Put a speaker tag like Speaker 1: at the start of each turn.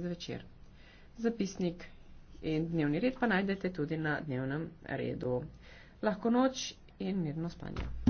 Speaker 1: zvečer. Zapisnik in dnevni red pa najdete tudi na
Speaker 2: dnevnem redu.
Speaker 3: Lahko noč in mirno spanje.